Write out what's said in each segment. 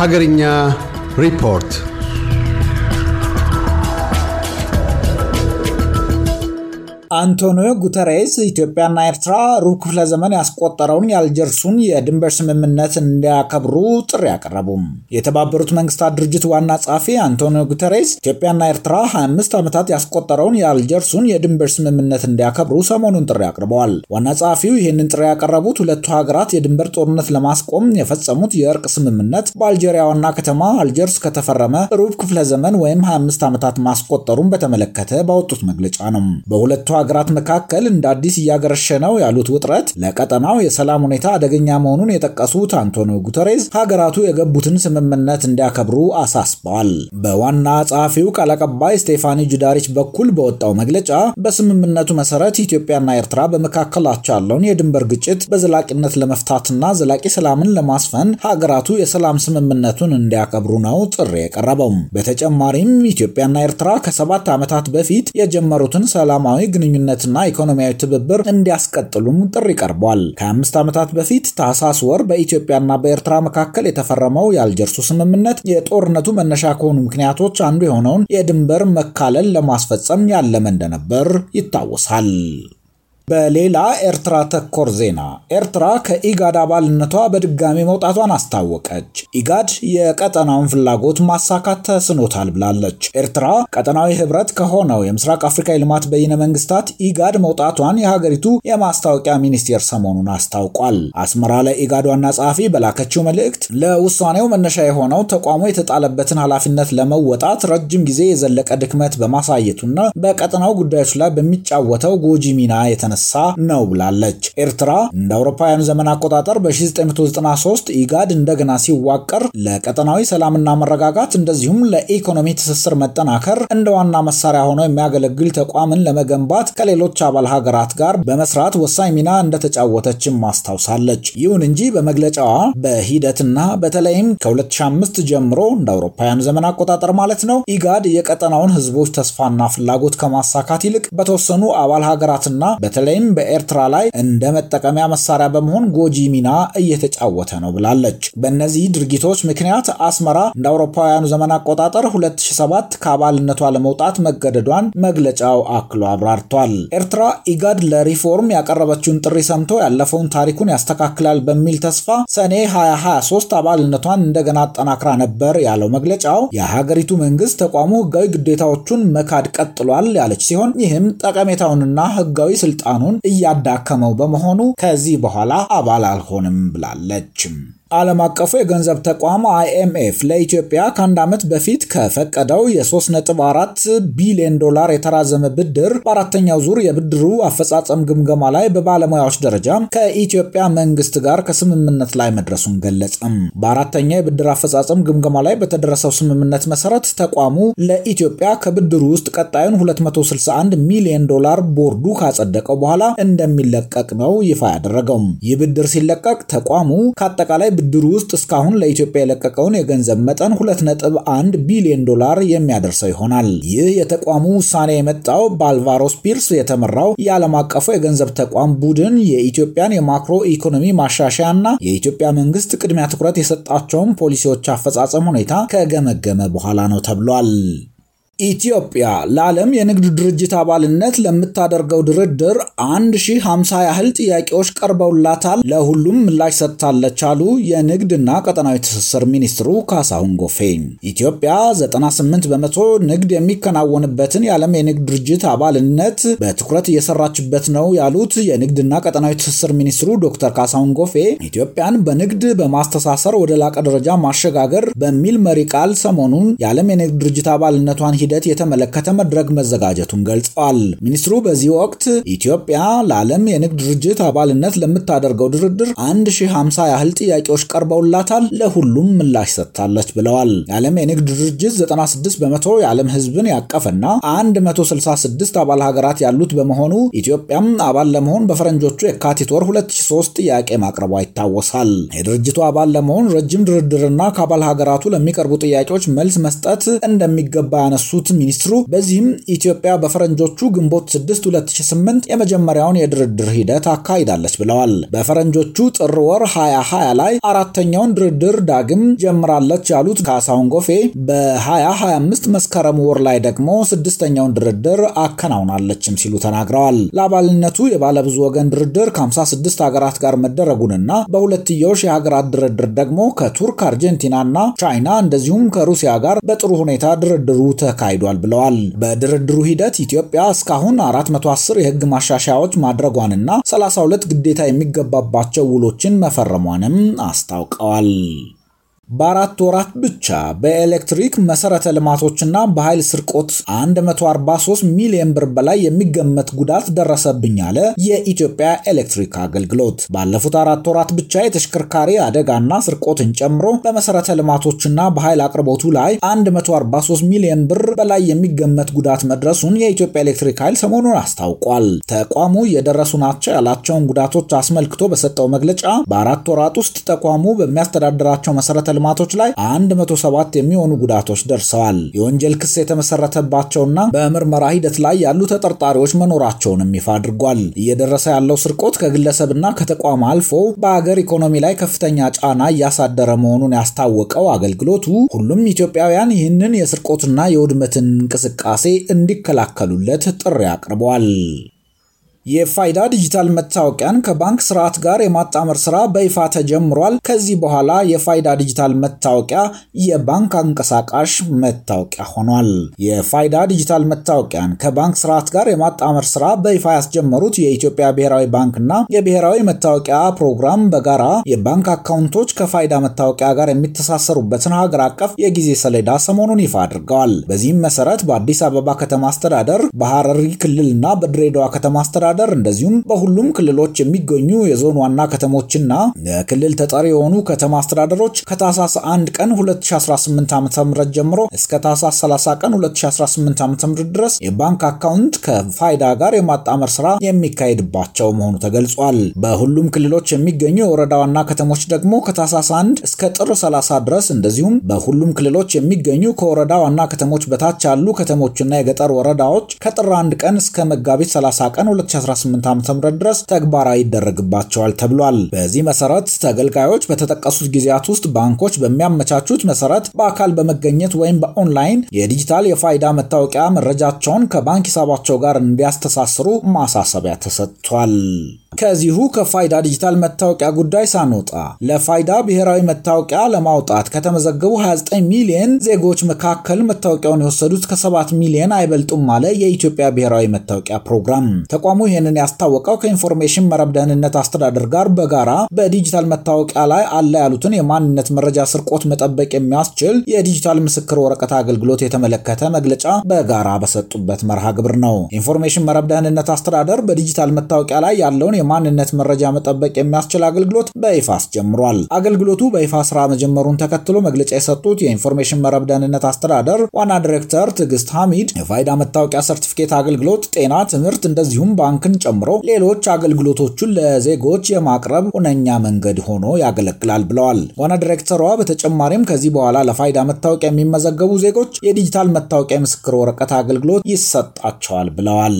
ሀገርኛ ሪፖርት አንቶኒዮ ጉተሬስ ኢትዮጵያና ኤርትራ ሩብ ክፍለ ዘመን ያስቆጠረውን የአልጀርሱን የድንበር ስምምነት እንዲያከብሩ ጥሪ አቀረቡም። የተባበሩት መንግስታት ድርጅት ዋና ጸሐፊ አንቶኒዮ ጉተሬስ ኢትዮጵያና ኤርትራ 25 ዓመታት ያስቆጠረውን የአልጀርሱን የድንበር ስምምነት እንዲያከብሩ ሰሞኑን ጥሪ አቅርበዋል። ዋና ጸሐፊው ይህንን ጥሪ ያቀረቡት ሁለቱ ሀገራት የድንበር ጦርነት ለማስቆም የፈጸሙት የእርቅ ስምምነት በአልጄሪያ ዋና ከተማ አልጀርስ ከተፈረመ ሩብ ክፍለ ዘመን ወይም 25 ዓመታት ማስቆጠሩን በተመለከተ ባወጡት መግለጫ ነው። በሁለቱ ሀገራት መካከል እንደ አዲስ እያገረሸ ነው ያሉት ውጥረት ለቀጠናው የሰላም ሁኔታ አደገኛ መሆኑን የጠቀሱት አንቶኒዮ ጉተሬዝ ሀገራቱ የገቡትን ስምምነት እንዲያከብሩ አሳስበዋል። በዋና ጸሐፊው ቃል አቀባይ ስቴፋኒ ጁዳሪች በኩል በወጣው መግለጫ በስምምነቱ መሰረት ኢትዮጵያና ኤርትራ በመካከላቸው ያለውን የድንበር ግጭት በዘላቂነት ለመፍታትና ዘላቂ ሰላምን ለማስፈን ሀገራቱ የሰላም ስምምነቱን እንዲያከብሩ ነው ጥሪ የቀረበው። በተጨማሪም ኢትዮጵያና ኤርትራ ከሰባት ዓመታት በፊት የጀመሩትን ሰላማዊ ግንኙነት ግንኙነትና ኢኮኖሚያዊ ትብብር እንዲያስቀጥሉም ጥሪ ቀርቧል። ከአምስት ዓመታት በፊት ታህሳስ ወር በኢትዮጵያና በኤርትራ መካከል የተፈረመው የአልጀርሱ ስምምነት የጦርነቱ መነሻ ከሆኑ ምክንያቶች አንዱ የሆነውን የድንበር መካለል ለማስፈጸም ያለመ እንደነበር ይታወሳል። በሌላ ኤርትራ ተኮር ዜና ኤርትራ ከኢጋድ አባልነቷ በድጋሚ መውጣቷን አስታወቀች። ኢጋድ የቀጠናውን ፍላጎት ማሳካት ተስኖታል ብላለች። ኤርትራ ቀጠናዊ ህብረት ከሆነው የምስራቅ አፍሪካ የልማት በይነ መንግስታት ኢጋድ መውጣቷን የሀገሪቱ የማስታወቂያ ሚኒስቴር ሰሞኑን አስታውቋል። አስመራ ላይ ኢጋድ ዋና ጸሐፊ በላከችው መልእክት ለውሳኔው መነሻ የሆነው ተቋሙ የተጣለበትን ኃላፊነት ለመወጣት ረጅም ጊዜ የዘለቀ ድክመት በማሳየቱና በቀጠናው ጉዳዮች ላይ በሚጫወተው ጎጂ ሚና የተነ የተነሳ ነው ብላለች። ኤርትራ እንደ አውሮፓውያኑ ዘመን አቆጣጠር በ1993 ኢጋድ እንደገና ሲዋቀር ለቀጠናዊ ሰላምና መረጋጋት እንደዚሁም ለኢኮኖሚ ትስስር መጠናከር እንደ ዋና መሳሪያ ሆኖ የሚያገለግል ተቋምን ለመገንባት ከሌሎች አባል ሀገራት ጋር በመስራት ወሳኝ ሚና እንደተጫወተችም ማስታውሳለች። ይሁን እንጂ በመግለጫዋ በሂደትና በተለይም ከ2005 ጀምሮ እንደ አውሮፓውያኑ ዘመን አቆጣጠር ማለት ነው ኢጋድ የቀጠናውን ህዝቦች ተስፋና ፍላጎት ከማሳካት ይልቅ በተወሰኑ አባል ሀገራትና በተለ በተለይም በኤርትራ ላይ እንደ መጠቀሚያ መሳሪያ በመሆን ጎጂ ሚና እየተጫወተ ነው ብላለች። በእነዚህ ድርጊቶች ምክንያት አስመራ እንደ አውሮፓውያኑ ዘመን አቆጣጠር 2007 ከአባልነቷ ለመውጣት መገደዷን መግለጫው አክሎ አብራርቷል። ኤርትራ ኢጋድ ለሪፎርም ያቀረበችውን ጥሪ ሰምቶ ያለፈውን ታሪኩን ያስተካክላል በሚል ተስፋ ሰኔ 2023 አባልነቷን እንደገና አጠናክራ ነበር ያለው መግለጫው የሀገሪቱ መንግስት ተቋሙ ህጋዊ ግዴታዎቹን መካድ ቀጥሏል ያለች ሲሆን ይህም ጠቀሜታውንና ህጋዊ ስልጣን ስልጣኑን እያዳከመው በመሆኑ ከዚህ በኋላ አባል አልሆንም ብላለች። ዓለም አቀፉ የገንዘብ ተቋም አይኤምኤፍ ለኢትዮጵያ ከአንድ ዓመት በፊት ከፈቀደው የ3.4 ቢሊዮን ዶላር የተራዘመ ብድር በአራተኛው ዙር የብድሩ አፈጻጸም ግምገማ ላይ በባለሙያዎች ደረጃ ከኢትዮጵያ መንግስት ጋር ከስምምነት ላይ መድረሱን ገለጸም። በአራተኛው የብድር አፈጻጸም ግምገማ ላይ በተደረሰው ስምምነት መሰረት ተቋሙ ለኢትዮጵያ ከብድሩ ውስጥ ቀጣዩን 261 ሚሊዮን ዶላር ቦርዱ ካጸደቀው በኋላ እንደሚለቀቅ ነው ይፋ ያደረገው። ይህ ብድር ሲለቀቅ ተቋሙ ከአጠቃላይ ውድድር ውስጥ እስካሁን ለኢትዮጵያ የለቀቀውን የገንዘብ መጠን 2.1 ቢሊዮን ዶላር የሚያደርሰው ይሆናል። ይህ የተቋሙ ውሳኔ የመጣው በአልቫሮስ ፒርስ የተመራው የዓለም አቀፉ የገንዘብ ተቋም ቡድን የኢትዮጵያን የማክሮ ኢኮኖሚ ማሻሻያ ና የኢትዮጵያ መንግስት ቅድሚያ ትኩረት የሰጣቸውን ፖሊሲዎች አፈጻጸም ሁኔታ ከገመገመ በኋላ ነው ተብሏል። ኢትዮጵያ ለዓለም የንግድ ድርጅት አባልነት ለምታደርገው ድርድር 1050 ያህል ጥያቄዎች ቀርበውላታል፣ ለሁሉም ምላሽ ሰጥታለች አሉ የንግድና ቀጠናዊ ትስስር ሚኒስትሩ ካሳሁን ጎፌ። ኢትዮጵያ 98 በመቶ ንግድ የሚከናወንበትን የዓለም የንግድ ድርጅት አባልነት በትኩረት እየሰራችበት ነው ያሉት የንግድና ቀጠናዊ ትስስር ሚኒስትሩ ዶክተር ካሳሁን ጎፌ ኢትዮጵያን በንግድ በማስተሳሰር ወደ ላቀ ደረጃ ማሸጋገር በሚል መሪ ቃል ሰሞኑን የዓለም የንግድ ድርጅት አባልነቷን ሂደት የተመለከተ መድረክ መዘጋጀቱን ገልጸዋል። ሚኒስትሩ በዚህ ወቅት ኢትዮጵያ ለዓለም የንግድ ድርጅት አባልነት ለምታደርገው ድርድር 1050 ያህል ጥያቄዎች ቀርበውላታል፣ ለሁሉም ምላሽ ሰጥታለች ብለዋል። የዓለም የንግድ ድርጅት 96 በመቶ የዓለም ህዝብን ያቀፈና 166 አባል ሀገራት ያሉት በመሆኑ ኢትዮጵያም አባል ለመሆን በፈረንጆቹ የካቲት ወር 2003 ጥያቄ ማቅረቧ ይታወሳል። የድርጅቱ አባል ለመሆን ረጅም ድርድርና ከአባል ሀገራቱ ለሚቀርቡ ጥያቄዎች መልስ መስጠት እንደሚገባ ያነሱ ያነሱት ሚኒስትሩ በዚህም ኢትዮጵያ በፈረንጆቹ ግንቦት 6 2008 የመጀመሪያውን የድርድር ሂደት አካሂዳለች ብለዋል። በፈረንጆቹ ጥር ወር 2020 ላይ አራተኛውን ድርድር ዳግም ጀምራለች ያሉት ካሳሁን ጎፌ በ2025 መስከረም ወር ላይ ደግሞ ስድስተኛውን ድርድር አከናውናለችም ሲሉ ተናግረዋል። ለአባልነቱ የባለብዙ ወገን ድርድር ከ56 ሀገራት ጋር መደረጉንና በሁለትዮሽ የሀገራት ድርድር ደግሞ ከቱርክ፣ አርጀንቲና ቻይና እንደዚሁም ከሩሲያ ጋር በጥሩ ሁኔታ ድርድሩ ተካ ተካሂዷል ብለዋል። በድርድሩ ሂደት ኢትዮጵያ እስካሁን 410 የህግ ማሻሻያዎች ማድረጓንና 32 ግዴታ የሚገባባቸው ውሎችን መፈረሟንም አስታውቀዋል። በአራት ወራት ብቻ በኤሌክትሪክ መሰረተ ልማቶችና በኃይል ስርቆት 143 ሚሊዮን ብር በላይ የሚገመት ጉዳት ደረሰብኝ አለ የኢትዮጵያ ኤሌክትሪክ አገልግሎት። ባለፉት አራት ወራት ብቻ የተሽከርካሪ አደጋና ስርቆትን ጨምሮ በመሰረተ ልማቶችና በኃይል አቅርቦቱ ላይ 143 ሚሊዮን ብር በላይ የሚገመት ጉዳት መድረሱን የኢትዮጵያ ኤሌክትሪክ ኃይል ሰሞኑን አስታውቋል። ተቋሙ የደረሱ ናቸው ያላቸውን ጉዳቶች አስመልክቶ በሰጠው መግለጫ በአራት ወራት ውስጥ ተቋሙ በሚያስተዳድራቸው መሰረተ ልማቶች ላይ 107 የሚሆኑ ጉዳቶች ደርሰዋል። የወንጀል ክስ የተመሰረተባቸውና በምርመራ ሂደት ላይ ያሉ ተጠርጣሪዎች መኖራቸውንም ይፋ አድርጓል። እየደረሰ ያለው ስርቆት ከግለሰብና ከተቋም አልፎ በአገር ኢኮኖሚ ላይ ከፍተኛ ጫና እያሳደረ መሆኑን ያስታወቀው አገልግሎቱ ሁሉም ኢትዮጵያውያን ይህንን የስርቆትና የውድመትን እንቅስቃሴ እንዲከላከሉለት ጥሪ አቅርበዋል። የፋይዳ ዲጂታል መታወቂያን ከባንክ ስርዓት ጋር የማጣመር ስራ በይፋ ተጀምሯል። ከዚህ በኋላ የፋይዳ ዲጂታል መታወቂያ የባንክ አንቀሳቃሽ መታወቂያ ሆኗል። የፋይዳ ዲጂታል መታወቂያን ከባንክ ስርዓት ጋር የማጣመር ስራ በይፋ ያስጀመሩት የኢትዮጵያ ብሔራዊ ባንክና የብሔራዊ መታወቂያ ፕሮግራም በጋራ የባንክ አካውንቶች ከፋይዳ መታወቂያ ጋር የሚተሳሰሩበትን ሀገር አቀፍ የጊዜ ሰሌዳ ሰሞኑን ይፋ አድርገዋል። በዚህም መሰረት በአዲስ አበባ ከተማ አስተዳደር፣ በሐረሪ ክልልና በድሬዳዋ ከተማ አስተዳደር አስተዳደር እንደዚሁም በሁሉም ክልሎች የሚገኙ የዞን ዋና ከተሞችና የክልል ተጠሪ የሆኑ ከተማ አስተዳደሮች ከታህሳስ 1 ቀን 2018 ዓ.ም ጀምሮ እስከ ታህሳስ 30 ቀን 2018 ዓ.ም ድረስ የባንክ አካውንት ከፋይዳ ጋር የማጣመር ስራ የሚካሄድባቸው መሆኑ ተገልጿል። በሁሉም ክልሎች የሚገኙ የወረዳ ዋና ከተሞች ደግሞ ከታህሳስ 1 እስከ ጥር 30 ድረስ እንደዚሁም በሁሉም ክልሎች የሚገኙ ከወረዳ ዋና ከተሞች በታች ያሉ ከተሞችና የገጠር ወረዳዎች ከጥር 1 ቀን እስከ መጋቢት 30 ቀን 2018 2018 ዓ.ም ድረስ ተግባራዊ ይደረግባቸዋል ተብሏል። በዚህ መሰረት ተገልጋዮች በተጠቀሱት ጊዜያት ውስጥ ባንኮች በሚያመቻቹት መሰረት በአካል በመገኘት ወይም በኦንላይን የዲጂታል የፋይዳ መታወቂያ መረጃቸውን ከባንክ ሂሳባቸው ጋር እንዲያስተሳስሩ ማሳሰቢያ ተሰጥቷል። ከዚሁ ከፋይዳ ዲጂታል መታወቂያ ጉዳይ ሳንወጣ ለፋይዳ ብሔራዊ መታወቂያ ለማውጣት ከተመዘገቡ 29 ሚሊዮን ዜጎች መካከል መታወቂያውን የወሰዱት ከ7 ሚሊዮን አይበልጡም አለ የኢትዮጵያ ብሔራዊ መታወቂያ ፕሮግራም። ተቋሙ ይህንን ያስታወቀው ከኢንፎርሜሽን መረብ ደህንነት አስተዳደር ጋር በጋራ በዲጂታል መታወቂያ ላይ አለ ያሉትን የማንነት መረጃ ስርቆት መጠበቅ የሚያስችል የዲጂታል ምስክር ወረቀት አገልግሎት የተመለከተ መግለጫ በጋራ በሰጡበት መርሃ ግብር ነው። ኢንፎርሜሽን መረብ ደህንነት አስተዳደር በዲጂታል መታወቂያ ላይ ያለውን የማንነት መረጃ መጠበቅ የሚያስችል አገልግሎት በይፋ አስጀምሯል። አገልግሎቱ በይፋ ስራ መጀመሩን ተከትሎ መግለጫ የሰጡት የኢንፎርሜሽን መረብ ደህንነት አስተዳደር ዋና ዲሬክተር ትዕግስት ሐሚድ የፋይዳ መታወቂያ ሰርቲፊኬት አገልግሎት ጤና፣ ትምህርት እንደዚሁም ባንክን ጨምሮ ሌሎች አገልግሎቶቹን ለዜጎች የማቅረብ ሁነኛ መንገድ ሆኖ ያገለግላል ብለዋል። ዋና ዲሬክተሯ በተጨማሪም ከዚህ በኋላ ለፋይዳ መታወቂያ የሚመዘገቡ ዜጎች የዲጂታል መታወቂያ የምስክር ወረቀት አገልግሎት ይሰጣቸዋል ብለዋል።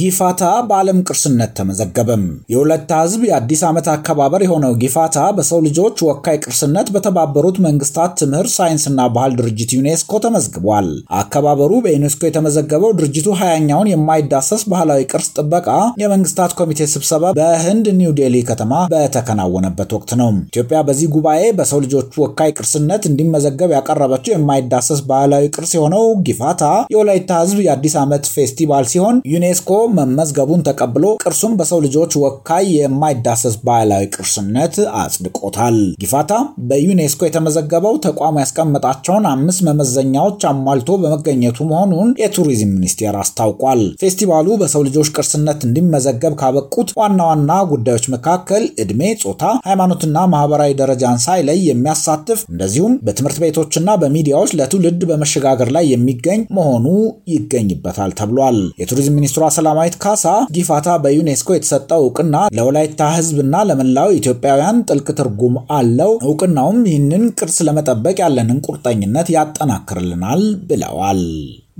ጊፋታ በዓለም ቅርስነት ተመዘገበም። የሁለት ህዝብ የአዲስ ዓመት አከባበር የሆነው ጊፋታ በሰው ልጆች ወካይ ቅርስነት በተባበሩት መንግስታት ትምህርት፣ ሳይንስና ባህል ድርጅት ዩኔስኮ ተመዝግቧል። አከባበሩ በዩኔስኮ የተመዘገበው ድርጅቱ ሀያኛውን የማይዳሰስ ባህላዊ ቅርስ ጥበቃ የመንግስታት ኮሚቴ ስብሰባ በህንድ ኒው ዴሊ ከተማ በተከናወነበት ወቅት ነው። ኢትዮጵያ በዚህ ጉባኤ በሰው ልጆች ወካይ ቅርስነት እንዲመዘገብ ያቀረበችው የማይዳሰስ ባህላዊ ቅርስ የሆነው ጊፋታ የወላይታ ህዝብ የአዲስ ዓመት ፌስቲቫል ሲሆን ዩኔስኮ መመዝገቡን ተቀብሎ ቅርሱን በሰው ልጆች ወካይ የማይዳሰስ ባህላዊ ቅርስነት አጽድቆታል። ጊፋታ በዩኔስኮ የተመዘገበው ተቋሙ ያስቀመጣቸውን አምስት መመዘኛዎች አሟልቶ በመገኘቱ መሆኑን የቱሪዝም ሚኒስቴር አስታውቋል። ፌስቲቫሉ በሰው ልጆች ቅርስነት እንዲመዘገብ ካበቁት ዋና ዋና ጉዳዮች መካከል ዕድሜ፣ ጾታ፣ ሃይማኖትና ማህበራዊ ደረጃን ሳይለይ የሚያሳትፍ እንደዚሁም በትምህርት ቤቶችና በሚዲያዎች ለትውልድ በመሸጋገር ላይ የሚገኝ መሆኑ ይገኝበታል ተብሏል። የቱሪዝም ሚኒስትሯ ሰላማዊት ካሳ ጊፋታ በዩኔስኮ የተሰጠው እውቅና ለወላይታ ህዝብና ለመላው ኢትዮጵያውያን ጥልቅ ትርጉም አለው። እውቅናውም ይህንን ቅርስ ለመጠበቅ ያለንን ቁርጠኝነት ያጠናክርልናል ብለዋል።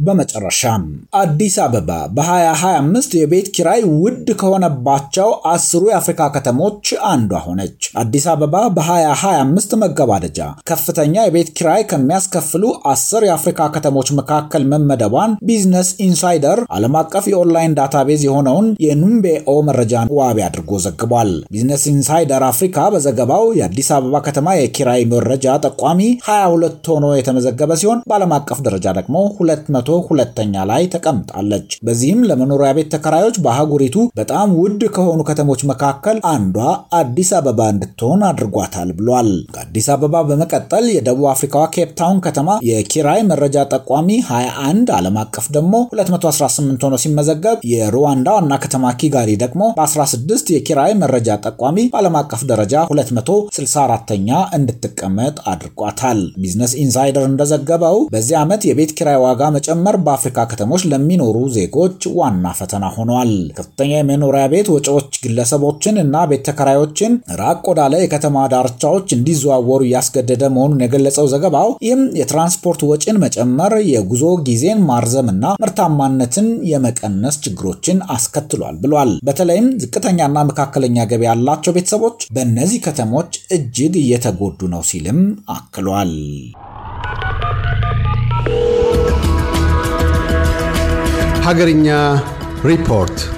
በመጨረሻም አዲስ አበባ በ2025 የቤት ኪራይ ውድ ከሆነባቸው አስሩ የአፍሪካ ከተሞች አንዷ ሆነች። አዲስ አበባ በ2025 መገባደጃ ከፍተኛ የቤት ኪራይ ከሚያስከፍሉ አስር የአፍሪካ ከተሞች መካከል መመደቧን ቢዝነስ ኢንሳይደር ዓለም አቀፍ የኦንላይን ዳታቤዝ የሆነውን የኑምቤኦ መረጃን ዋቢ አድርጎ ዘግቧል። ቢዝነስ ኢንሳይደር አፍሪካ በዘገባው የአዲስ አበባ ከተማ የኪራይ መረጃ ጠቋሚ 22 ሆኖ የተመዘገበ ሲሆን በዓለም አቀፍ ደረጃ ደግሞ 2 ከመቶ ሁለተኛ ላይ ተቀምጣለች። በዚህም ለመኖሪያ ቤት ተከራዮች በአህጉሪቱ በጣም ውድ ከሆኑ ከተሞች መካከል አንዷ አዲስ አበባ እንድትሆን አድርጓታል ብሏል። ከአዲስ አበባ በመቀጠል የደቡብ አፍሪካዋ ኬፕታውን ከተማ የኪራይ መረጃ ጠቋሚ 21 ዓለም አቀፍ ደግሞ 218 ሆኖ ሲመዘገብ የሩዋንዳ ዋና ከተማ ኪጋሊ ደግሞ በ16 የኪራይ መረጃ ጠቋሚ በዓለም አቀፍ ደረጃ 264ኛ እንድትቀመጥ አድርጓታል። ቢዝነስ ኢንሳይደር እንደዘገበው በዚህ ዓመት የቤት ኪራይ ዋጋ መጨመ መጨመር በአፍሪካ ከተሞች ለሚኖሩ ዜጎች ዋና ፈተና ሆኗል። ከፍተኛ የመኖሪያ ቤት ወጪዎች ግለሰቦችን እና ቤት ተከራዮችን ራቅ ወዳለ የከተማ ዳርቻዎች እንዲዘዋወሩ እያስገደደ መሆኑን የገለጸው ዘገባው ይህም የትራንስፖርት ወጪን መጨመር፣ የጉዞ ጊዜን ማርዘም እና ምርታማነትን የመቀነስ ችግሮችን አስከትሏል ብሏል። በተለይም ዝቅተኛና መካከለኛ ገቢ ያላቸው ቤተሰቦች በእነዚህ ከተሞች እጅግ እየተጎዱ ነው ሲልም አክሏል። Hagernya Report